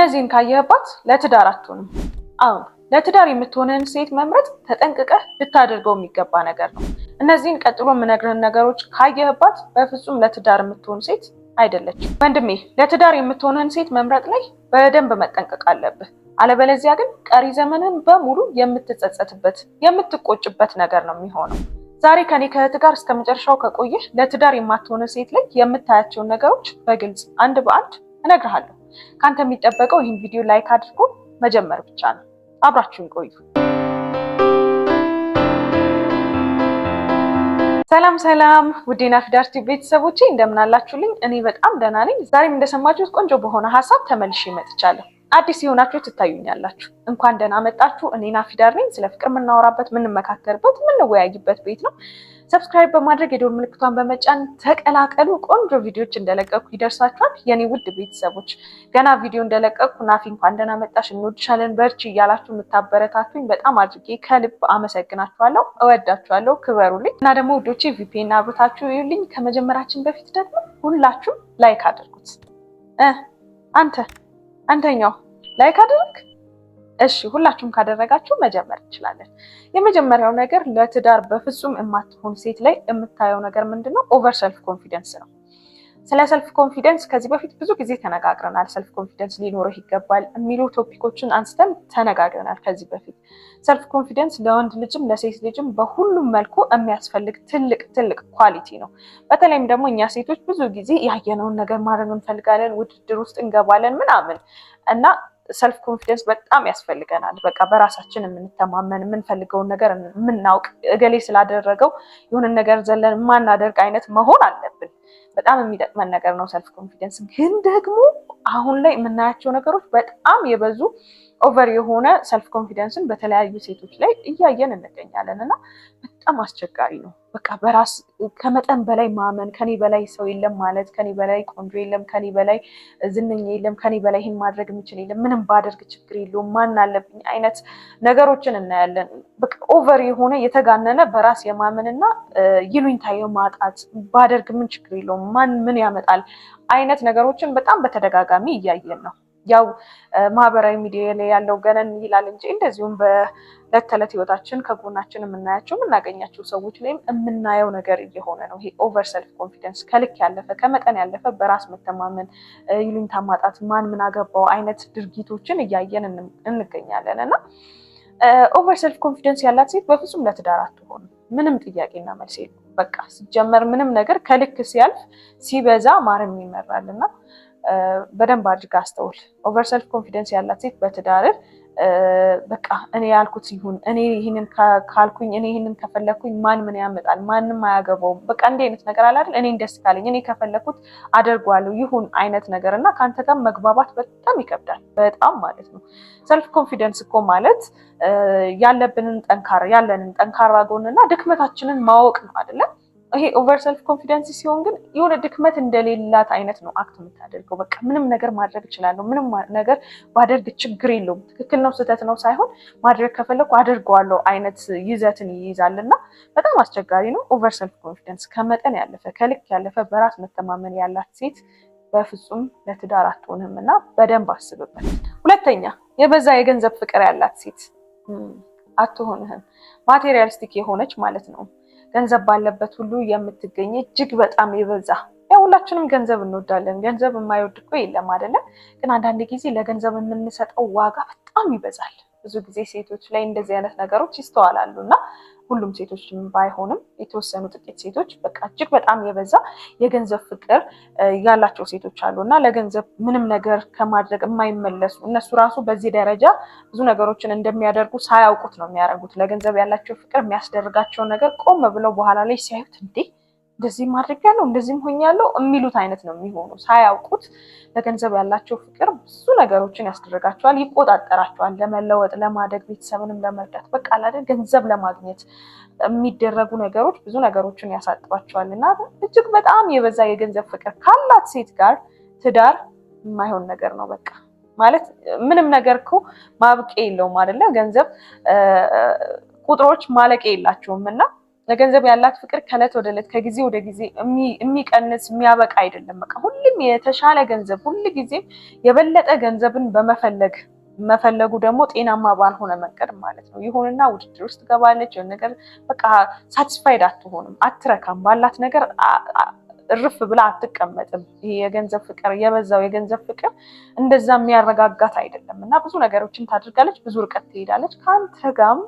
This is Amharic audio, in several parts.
እነዚህን ካየህባት ለትዳር አትሆንም። አሁን ለትዳር የምትሆንህን ሴት መምረጥ ተጠንቅቀህ ልታደርገው የሚገባ ነገር ነው። እነዚህን ቀጥሎ የምነግርህን ነገሮች ካየህባት በፍጹም ለትዳር የምትሆን ሴት አይደለችም። ወንድሜ ለትዳር የምትሆንህን ሴት መምረጥ ላይ በደንብ መጠንቀቅ አለብህ። አለበለዚያ ግን ቀሪ ዘመንህን በሙሉ የምትጸጸትበት የምትቆጭበት ነገር ነው የሚሆነው። ዛሬ ከኔ ከእህት ጋር እስከ መጨረሻው ከቆየህ ለትዳር የማትሆን ሴት ላይ የምታያቸውን ነገሮች በግልጽ አንድ በአንድ እነግርሃለሁ። ከአንተ የሚጠበቀው ይህን ቪዲዮ ላይክ አድርጎ መጀመር ብቻ ነው። አብራችሁን ቆዩ። ሰላም ሰላም፣ ውዴና ናፊዳር ቲዩብ ቤተሰቦቼ እንደምን አላችሁልኝ? እኔ በጣም ደህና ነኝ። ዛሬም እንደሰማችሁት ቆንጆ በሆነ ሀሳብ ተመልሼ መጥቻለሁ። አዲስ የሆናችሁ ትታዩኛላችሁ፣ እንኳን ደህና መጣችሁ። እኔ ናፊዳር ነኝ። ስለ ፍቅር የምናወራበት፣ የምንመካከርበት፣ የምንወያይበት ቤት ነው። ሰብስክራይብ በማድረግ የደወል ምልክቷን በመጫን ተቀላቀሉ። ቆንጆ ቪዲዮዎች እንደለቀኩ ይደርሳችኋል። የኔ ውድ ቤተሰቦች ገና ቪዲዮ እንደለቀኩ ናፊ እንኳን ደህና መጣሽ፣ እንወድሻለን፣ በርቺ እያላችሁ የምታበረታቱኝ በጣም አድርጌ ከልብ አመሰግናችኋለሁ። እወዳችኋለሁ፣ ክበሩልኝ እና ደግሞ ውዶቼ ቪፒኤን አብርታችሁ ይዩልኝ። ከመጀመራችን በፊት ደግሞ ሁላችሁም ላይክ አድርጉት። አንተ አንተኛው ላይክ አድርግ እሺ ሁላችሁም ካደረጋችሁ መጀመር እንችላለን። የመጀመሪያው ነገር ለትዳር በፍጹም የማትሆን ሴት ላይ የምታየው ነገር ምንድነው? ኦቨር ሰልፍ ኮንፊደንስ ነው። ስለ ሰልፍ ኮንፊደንስ ከዚህ በፊት ብዙ ጊዜ ተነጋግረናል። ሰልፍ ኮንፊደንስ ሊኖርህ ይገባል የሚሉ ቶፒኮችን አንስተን ተነጋግረናል ከዚህ በፊት። ሰልፍ ኮንፊደንስ ለወንድ ልጅም ለሴት ልጅም በሁሉም መልኩ የሚያስፈልግ ትልቅ ትልቅ ኳሊቲ ነው። በተለይም ደግሞ እኛ ሴቶች ብዙ ጊዜ ያየነውን ነገር ማድረግ እንፈልጋለን፣ ውድድር ውስጥ እንገባለን ምናምን እና ሰልፍ ኮንፊደንስ በጣም ያስፈልገናል። በቃ በራሳችን የምንተማመን የምንፈልገውን ነገር የምናውቅ እገሌ ስላደረገው የሆነን ነገር ዘለን የማናደርግ አይነት መሆን አለብን። በጣም የሚጠቅመን ነገር ነው ሰልፍ ኮንፊደንስ። ግን ደግሞ አሁን ላይ የምናያቸው ነገሮች በጣም የበዙ ኦቨር የሆነ ሰልፍ ኮንፊደንስን በተለያዩ ሴቶች ላይ እያየን እንገኛለን እና በጣም አስቸጋሪ ነው። በቃ በራስ ከመጠን በላይ ማመን፣ ከኔ በላይ ሰው የለም ማለት፣ ከኔ በላይ ቆንጆ የለም፣ ከኔ በላይ ዝነኛ የለም፣ ከኔ በላይ ይህን ማድረግ የሚችል የለም፣ ምንም ባደርግ ችግር የለውም፣ ማን አለብኝ አይነት ነገሮችን እናያለን። በቃ ኦቨር የሆነ የተጋነነ በራስ የማመንና ይሉኝታ የማጣት ባደርግ ምን ችግር የለውም፣ ማን ምን ያመጣል አይነት ነገሮችን በጣም በተደጋጋሚ እያየን ነው። ያው ማህበራዊ ሚዲያ ላይ ያለው ገነን ይላል እንጂ እንደዚሁም በዕለት ተዕለት ህይወታችን ከጎናችን የምናያቸው የምናገኛቸው ሰዎች ላይም የምናየው ነገር እየሆነ ነው። ይሄ ኦቨር ሰልፍ ኮንፊደንስ ከልክ ያለፈ ከመጠን ያለፈ በራስ መተማመን፣ ይሉኝታ ማጣት፣ ማን ምን አገባው አይነት ድርጊቶችን እያየን እንገኛለን እና ኦቨር ሰልፍ ኮንፊደንስ ያላት ሴት በፍጹም ለትዳር አትሆንም። ምንም ጥያቄና መልስ የለም። በቃ ሲጀመር ምንም ነገር ከልክ ሲያልፍ ሲበዛ ማረም ይመራል እና በደንብ አድርጋ አስተውል። ኦቨር ሰልፍ ኮንፊደንስ ያላት ሴት በትዳርህ በቃ እኔ ያልኩት ይሁን፣ እኔ ይህንን ካልኩኝ፣ እኔ ይህንን ከፈለግኩኝ ማን ምን ያመጣል፣ ማንም አያገባውም፣ በቃ እንዲህ አይነት ነገር አለ እኔን ደስ ካለኝ እኔ ከፈለግኩት አደርጓለሁ ይሁን አይነት ነገር እና ከአንተ ጋር መግባባት በጣም ይከብዳል፣ በጣም ማለት ነው። ሰልፍ ኮንፊደንስ እኮ ማለት ያለብንን ጠንካራ ያለንን ጠንካራ ጎንና ድክመታችንን ማወቅ ነው አይደለም ይሄ ኦቨር ሰልፍ ኮንፊደንስ ሲሆን ግን የሆነ ድክመት እንደሌላት አይነት ነው አክት የምታደርገው። በቃ ምንም ነገር ማድረግ እችላለሁ፣ ምንም ነገር ባደርግ ችግር የለውም፣ ትክክል ነው፣ ስህተት ነው ሳይሆን ማድረግ ከፈለኩ አደርገዋለሁ አይነት ይዘትን ይይዛል እና በጣም አስቸጋሪ ነው። ኦቨር ሰልፍ ኮንፊደንስ ከመጠን ያለፈ ከልክ ያለፈ በራስ መተማመን ያላት ሴት በፍጹም ለትዳር አትሆንም እና በደንብ አስብበት። ሁለተኛ የበዛ የገንዘብ ፍቅር ያላት ሴት አትሆንህም። ማቴሪያሊስቲክ የሆነች ማለት ነው ገንዘብ ባለበት ሁሉ የምትገኝ እጅግ በጣም የበዛ ሁላችንም ገንዘብ እንወዳለን። ገንዘብ የማይወድ እኮ የለም አይደለም። ግን አንዳንድ ጊዜ ለገንዘብ የምንሰጠው ዋጋ በጣም ይበዛል። ብዙ ጊዜ ሴቶች ላይ እንደዚህ አይነት ነገሮች ይስተዋላሉ እና ሁሉም ሴቶች ባይሆንም የተወሰኑ ጥቂት ሴቶች በቃ እጅግ በጣም የበዛ የገንዘብ ፍቅር ያላቸው ሴቶች አሉ እና ለገንዘብ ምንም ነገር ከማድረግ የማይመለሱ እነሱ ራሱ በዚህ ደረጃ ብዙ ነገሮችን እንደሚያደርጉ ሳያውቁት ነው የሚያደርጉት። ለገንዘብ ያላቸው ፍቅር የሚያስደርጋቸው ነገር ቆም ብለው በኋላ ላይ ሲያዩት እንዴ ማድረግ ያለው እንደዚህም ሆኛለሁ የሚሉት አይነት ነው የሚሆኑ። ሳያውቁት ለገንዘብ ያላቸው ፍቅር ብዙ ነገሮችን ያስደርጋቸዋል፣ ይቆጣጠራቸዋል፣ ለመለወጥ ለማደግ፣ ቤተሰብንም ለመርዳት በቃ ላደ ገንዘብ ለማግኘት የሚደረጉ ነገሮች ብዙ ነገሮችን ያሳጥባቸዋል እና እጅግ በጣም የበዛ የገንዘብ ፍቅር ካላት ሴት ጋር ትዳር የማይሆን ነገር ነው። በቃ ማለት ምንም ነገር እኮ ማብቄ የለውም አይደለ? ገንዘብ ቁጥሮች ማለቄ የላቸውም እና ለገንዘብ ያላት ፍቅር ከእለት ወደ እለት ከጊዜ ወደ ጊዜ የሚቀንስ የሚያበቃ አይደለም። በቃ ሁሌም የተሻለ ገንዘብ ሁል ጊዜም የበለጠ ገንዘብን በመፈለግ መፈለጉ ደግሞ ጤናማ ባልሆነ መንገድ ማለት ነው። ይሁንና ውድድር ውስጥ ገባለች የሆነ ነገር በቃ ሳቲስፋይድ አትሆንም፣ አትረካም፣ ባላት ነገር እርፍ ብላ አትቀመጥም። ይሄ የገንዘብ ፍቅር የበዛው የገንዘብ ፍቅር እንደዛ የሚያረጋጋት አይደለም እና ብዙ ነገሮችን ታደርጋለች፣ ብዙ ርቀት ትሄዳለች ከአንተ ጋም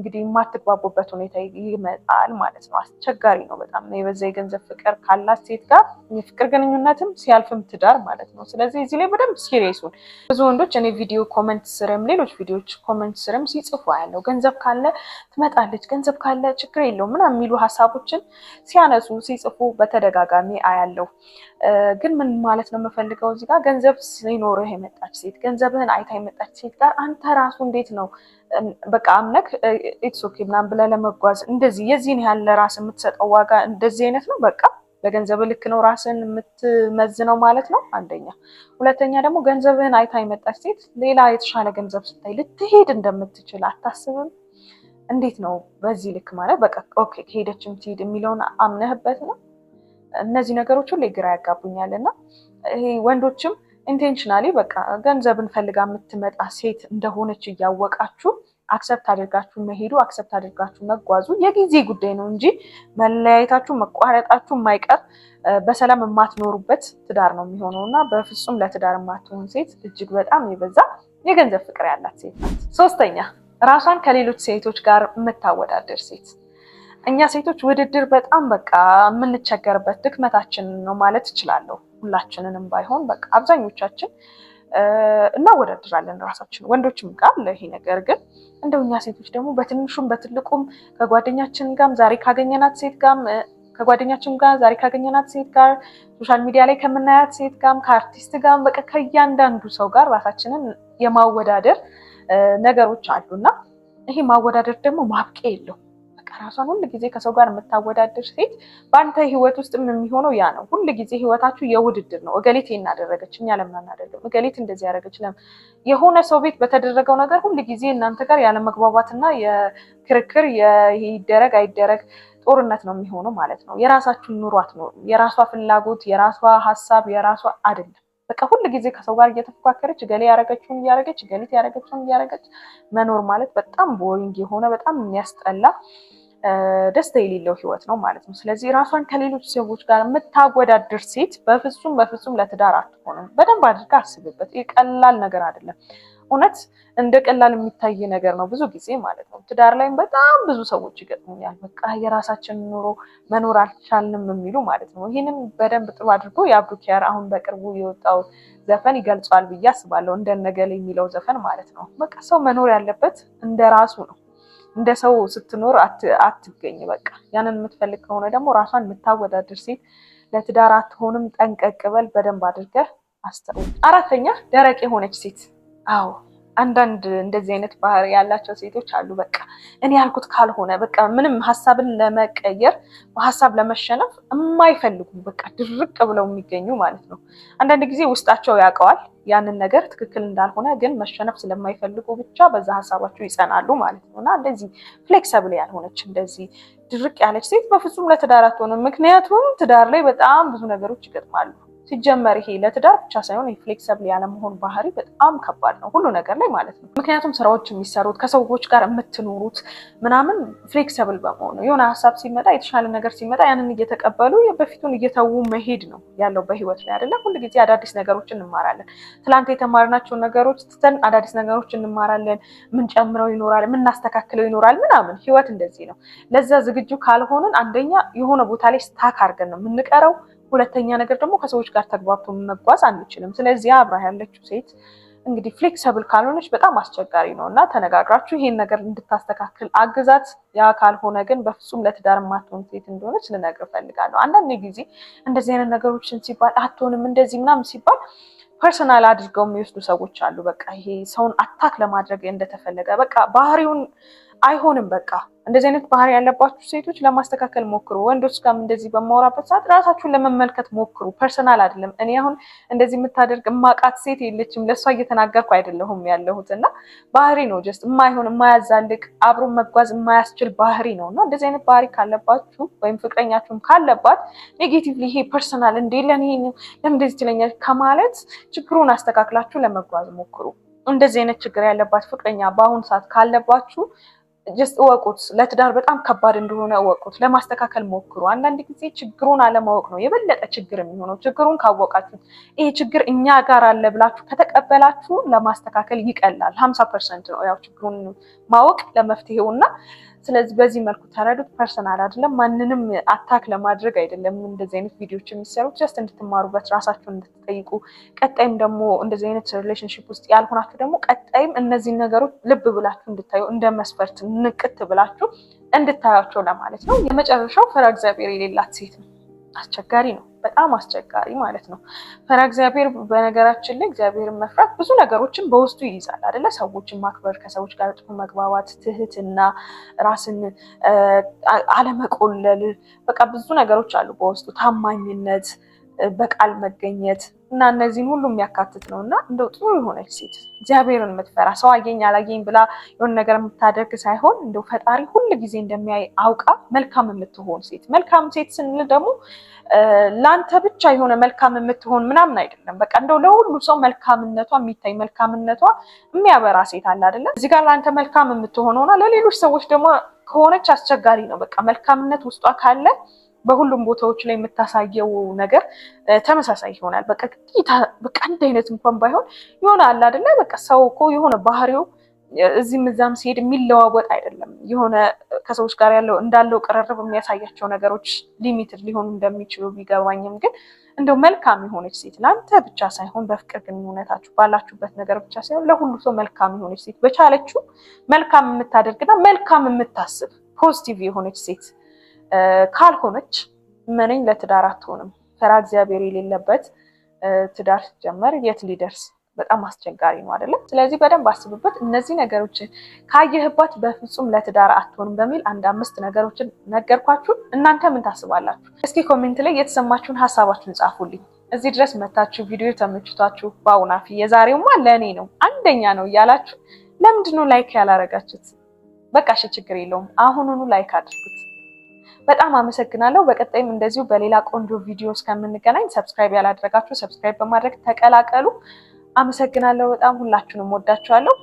እንግዲህ የማትግባቡበት ሁኔታ ይመጣል ማለት ነው። አስቸጋሪ ነው በጣም የበዛ የገንዘብ ፍቅር ካላት ሴት ጋር የፍቅር ግንኙነትም ሲያልፍም ትዳር ማለት ነው። ስለዚህ እዚህ ላይ በደንብ ሲሪየሱን ብዙ ወንዶች እኔ ቪዲዮ ኮመንት ስርም ሌሎች ቪዲዮዎች ኮመንት ስርም ሲጽፉ ያለው ገንዘብ ካለ ትመጣለች፣ ገንዘብ ካለ ችግር የለውም ምናምን የሚሉ ሀሳቦችን ሲያነሱ ሲጽፉ በተደጋጋሚ አያለው። ግን ምን ማለት ነው የምፈልገው እዚህ ጋር ገንዘብ ሲኖርህ የመጣች ሴት ገንዘብህን አይታ የመጣች ሴት ጋር አንተ ራሱ እንዴት ነው በቃ አምነክ ኢትስ ኦኬ ምናምን ብለህ ለመጓዝ እንደዚህ የዚህን ያለ ራስ የምትሰጠው ዋጋ እንደዚህ አይነት ነው በቃ በገንዘብ ልክ ነው ራስን የምትመዝነው ማለት ነው። አንደኛ። ሁለተኛ ደግሞ ገንዘብህን አይታ የመጣች ሴት ሌላ የተሻለ ገንዘብ ስታይ ልትሄድ እንደምትችል አታስብም? እንዴት ነው በዚህ ልክ ማለት በቃ ኦኬ ሄደችም ትሄድ የሚለውን አምነህበት ነው እነዚህ ነገሮች ሁሌ ግራ ያጋቡኛል እና ይሄ ወንዶችም ኢንቴንሽናሊ በቃ ገንዘብን ፈልጋ የምትመጣ ሴት እንደሆነች እያወቃችሁ አክሰፕት አድርጋችሁ መሄዱ አክሰፕት አድርጋችሁ መጓዙ የጊዜ ጉዳይ ነው እንጂ መለያየታችሁ መቋረጣችሁ የማይቀር በሰላም የማትኖሩበት ትዳር ነው የሚሆነው እና በፍጹም ለትዳር የማትሆን ሴት እጅግ በጣም የበዛ የገንዘብ ፍቅር ያላት ሴት ናት። ሶስተኛ ራሷን ከሌሎች ሴቶች ጋር የምታወዳደር ሴት እኛ ሴቶች ውድድር በጣም በቃ የምንቸገርበት ድክመታችን ነው ማለት እችላለሁ። ሁላችንንም ባይሆን በቃ አብዛኞቻችን እናወዳድራለን ራሳችን ወንዶችም ጋር ይሄ ነገር ግን እንደው እኛ ሴቶች ደግሞ በትንሹም በትልቁም ከጓደኛችን ጋርም ዛሬ ካገኘናት ሴት ጋርም ከጓደኛችን ጋር ዛሬ ካገኘናት ሴት ጋር ሶሻል ሚዲያ ላይ ከምናያት ሴት ጋርም ከአርቲስት ጋርም በቃ ከእያንዳንዱ ሰው ጋር ራሳችንን የማወዳደር ነገሮች እና ይሄ ማወዳደር ደግሞ ማብቂያ የለውም። ራሷን ሁል ጊዜ ከሰው ጋር የምታወዳድር ሴት በአንተ ህይወት ውስጥ የሚሆነው ያ ነው። ሁል ጊዜ ህይወታችሁ የውድድር ነው። እገሌት እናደረገች እኛ ለምን አናደርግም? እገሌት እንደዚህ ያደረገች ለምን? የሆነ ሰው ቤት በተደረገው ነገር ሁል ጊዜ እናንተ ጋር ያለመግባባትና የክርክር ይደረግ አይደረግ ጦርነት ነው የሚሆነው ማለት ነው። የራሳችሁን ኑሮ አትኖሩም። የራሷ ፍላጎት፣ የራሷ ሀሳብ፣ የራሷ አይደለም። በቃ ሁል ጊዜ ከሰው ጋር እየተፎካከረች እገሌ ያረገችውን እያረገች እገሊት ያረገችውን እያረገች መኖር ማለት በጣም ቦሪንግ የሆነ በጣም የሚያስጠላ ደስታ የሌለው ህይወት ነው ማለት ነው። ስለዚህ ራሷን ከሌሎች ሰዎች ጋር የምታወዳድር ሴት በፍጹም በፍጹም ለትዳር አትሆንም። በደንብ አድርጋ አስብበት። የቀላል ነገር አይደለም። እውነት እንደ ቀላል የሚታይ ነገር ነው ብዙ ጊዜ ማለት ነው። ትዳር ላይም በጣም ብዙ ሰዎች ይገጥሙኛል። በቃ የራሳችን ኑሮ መኖር አልቻልንም የሚሉ ማለት ነው። ይህንን በደንብ ጥሩ አድርጎ የአብዱ ኪያር አሁን በቅርቡ የወጣው ዘፈን ይገልጿል ብዬ አስባለሁ። እንደነገሌ የሚለው ዘፈን ማለት ነው። በቃ ሰው መኖር ያለበት እንደ ራሱ ነው። እንደ ሰው ስትኖር አትገኝ። በቃ ያንን የምትፈልግ ከሆነ ደግሞ ራሷን የምታወዳድር ሴት ለትዳር አትሆንም። ጠንቀቅ በል በደንብ አድርገህ አስተውል። አራተኛ ደረቅ የሆነች ሴት አዎ አንዳንድ እንደዚህ አይነት ባህሪ ያላቸው ሴቶች አሉ። በቃ እኔ ያልኩት ካልሆነ በቃ ምንም ሀሳብን ለመቀየር በሀሳብ ለመሸነፍ የማይፈልጉ በቃ ድርቅ ብለው የሚገኙ ማለት ነው። አንዳንድ ጊዜ ውስጣቸው ያውቀዋል ያንን ነገር ትክክል እንዳልሆነ፣ ግን መሸነፍ ስለማይፈልጉ ብቻ በዛ ሀሳባቸው ይጸናሉ ማለት ነው እና እንደዚህ ፍሌክሰብል ያልሆነች እንደዚህ ድርቅ ያለች ሴት በፍጹም ለትዳር አትሆንም። ምክንያቱም ትዳር ላይ በጣም ብዙ ነገሮች ይገጥማሉ። ሲጀመር ይሄ ለትዳር ብቻ ሳይሆን ፍሌክሰብል ያለመሆን ባህሪ በጣም ከባድ ነው፣ ሁሉ ነገር ላይ ማለት ነው። ምክንያቱም ስራዎች የሚሰሩት ከሰዎች ጋር የምትኖሩት ምናምን ፍሌክሰብል በመሆ ነው። የሆነ ሀሳብ ሲመጣ የተሻለ ነገር ሲመጣ ያንን እየተቀበሉ በፊቱን እየተዉ መሄድ ነው ያለው በህይወት ላይ አይደለም። ሁሉ ጊዜ አዳዲስ ነገሮች እንማራለን። ትላንት የተማርናቸውን ነገሮች ትተን አዳዲስ ነገሮች እንማራለን። ምንጨምረው ይኖራል፣ ምናስተካክለው ይኖራል ምናምን። ህይወት እንደዚህ ነው። ለዛ ዝግጁ ካልሆንን አንደኛ የሆነ ቦታ ላይ ስታክ አድርገን ነው የምንቀረው ሁለተኛ ነገር ደግሞ ከሰዎች ጋር ተግባብቶ መጓዝ አንችልም። ስለዚህ አብራ ያለችው ሴት እንግዲህ ፍሌክሰብል ካልሆነች በጣም አስቸጋሪ ነው እና ተነጋግራችሁ ይሄን ነገር እንድታስተካክል አግዛት። ያ ካልሆነ ግን በፍጹም ለትዳር ማትሆን ሴት እንደሆነች ልነግር እፈልጋለሁ። አንዳንድ ጊዜ እንደዚህ አይነት ነገሮችን ሲባል አትሆንም እንደዚህ ምናምን ሲባል ፐርሰናል አድርገው የሚወስዱ ሰዎች አሉ። በቃ ይሄ ሰውን አታክ ለማድረግ እንደተፈለገ በቃ ባህሪውን አይሆንም በቃ እንደዚህ አይነት ባህሪ ያለባችሁ ሴቶች ለማስተካከል ሞክሩ። ወንዶች ጋርም እንደዚህ በማወራበት ሰዓት ራሳችሁን ለመመልከት ሞክሩ። ፐርሰናል አይደለም። እኔ አሁን እንደዚህ የምታደርግ እማቃት ሴት የለችም፣ ለእሷ እየተናገርኩ አይደለሁም ያለሁት እና ባህሪ ነው። ጀስት የማይሆን የማያዛልቅ አብሮ መጓዝ የማያስችል ባህሪ ነው እና እንደዚህ አይነት ባህሪ ካለባችሁ ወይም ፍቅረኛችሁም ካለባት ኔጌቲቭሊ ይሄ ፐርሰናል እንዴ ለኔ ለምን እንደዚህ ትለኛል ከማለት ችግሩን አስተካክላችሁ ለመጓዝ ሞክሩ። እንደዚህ አይነት ችግር ያለባት ፍቅረኛ በአሁኑ ሰዓት ካለባችሁ ጀስት እወቁት። ለትዳር በጣም ከባድ እንደሆነ እወቁት። ለማስተካከል ሞክሩ። አንዳንድ ጊዜ ችግሩን አለማወቅ ነው የበለጠ ችግር የሚሆነው። ችግሩን ካወቃችሁት ይሄ ችግር እኛ ጋር አለ ብላችሁ ከተቀበላችሁ ለማስተካከል ይቀላል። ሀምሳ ፐርሰንት ነው ያው ችግሩን ማወቅ ለመፍትሄውና ስለዚህ በዚህ መልኩ ተረዱት። ፐርሰናል አይደለም፣ ማንንም አታክ ለማድረግ አይደለም እንደዚህ አይነት ቪዲዮዎች የሚሰሩት ጀስት እንድትማሩበት፣ ራሳችሁን እንድትጠይቁ፣ ቀጣይም ደግሞ እንደዚህ አይነት ሪሌሽንሽፕ ውስጥ ያልሆናችሁ ደግሞ ቀጣይም እነዚህ ነገሮች ልብ ብላችሁ እንድታዩ እንደ መስፈርት ንቅት ብላችሁ እንድታያቸው ለማለት ነው። የመጨረሻው ፈራ እግዚአብሔር የሌላት ሴት ነው። አስቸጋሪ ነው። በጣም አስቸጋሪ ማለት ነው። ፈራ እግዚአብሔር በነገራችን ላይ እግዚአብሔርን መፍራት ብዙ ነገሮችን በውስጡ ይይዛል አደለ? ሰዎችን ማክበር፣ ከሰዎች ጋር ጥሩ መግባባት፣ ትህትና፣ ራስን አለመቆለል፣ በቃ ብዙ ነገሮች አሉ በውስጡ ታማኝነት፣ በቃል መገኘት እና እነዚህን ሁሉ የሚያካትት ነው እና እንደው ጥሩ የሆነች ሴት እግዚአብሔርን የምትፈራ ሰው አየኝ አላየኝ ብላ የሆነ ነገር የምታደርግ ሳይሆን እንደው ፈጣሪ ሁል ጊዜ እንደሚያይ አውቃ መልካም የምትሆን ሴት። መልካም ሴት ስንል ደግሞ ለአንተ ብቻ የሆነ መልካም የምትሆን ምናምን አይደለም። በቃ እንደው ለሁሉ ሰው መልካምነቷ የሚታይ መልካምነቷ የሚያበራ ሴት አለ አይደለም። እዚህ ጋር ለአንተ መልካም የምትሆን ሆና ለሌሎች ሰዎች ደግሞ ከሆነች አስቸጋሪ ነው። በቃ መልካምነት ውስጧ ካለ በሁሉም ቦታዎች ላይ የምታሳየው ነገር ተመሳሳይ ይሆናል። በቃ በቃ አንድ አይነት እንኳን ባይሆን የሆነ አለ አይደለ? በቃ ሰው እኮ የሆነ ባህሪው እዚህም እዛም ሲሄድ የሚለዋወጥ አይደለም። የሆነ ከሰዎች ጋር ያለው እንዳለው ቅርርብ የሚያሳያቸው ነገሮች ሊሚትድ ሊሆኑ እንደሚችሉ ቢገባኝም ግን እንደው መልካም የሆነች ሴት ለአንተ ብቻ ሳይሆን በፍቅር ግንኙነታችሁ ባላችሁበት ነገር ብቻ ሳይሆን ለሁሉ ሰው መልካም የሆነች ሴት በቻለችው መልካም የምታደርግና መልካም የምታስብ ፖዚቲቭ የሆነች ሴት ካልሆነች መነኝ ለትዳር አትሆንም። ፈራ እግዚአብሔር የሌለበት ትዳር ሲጀመር የት ሊደርስ በጣም አስቸጋሪ ነው አይደለም? ስለዚህ በደንብ አስብበት። እነዚህ ነገሮችን ካየህባት በፍጹም ለትዳር አትሆንም በሚል አንድ አምስት ነገሮችን ነገርኳችሁ። እናንተ ምን ታስባላችሁ? እስኪ ኮሜንት ላይ የተሰማችሁን ሀሳባችሁን ጻፉልኝ። እዚህ ድረስ መታችሁ ቪዲዮ ተመችቷችሁ፣ በአውናፊ የዛሬውማ ለእኔ ነው አንደኛ ነው እያላችሁ ለምንድነው ላይክ ያላረጋችሁት? በቃ እሺ ችግር የለውም አሁኑኑ ላይክ አድርጉት። በጣም አመሰግናለሁ። በቀጣይም እንደዚሁ በሌላ ቆንጆ ቪዲዮ እስከምንገናኝ ሰብስክራይብ ያላደረጋችሁ ሰብስክራይብ በማድረግ ተቀላቀሉ። አመሰግናለሁ። በጣም ሁላችሁንም ወዳችኋለሁ።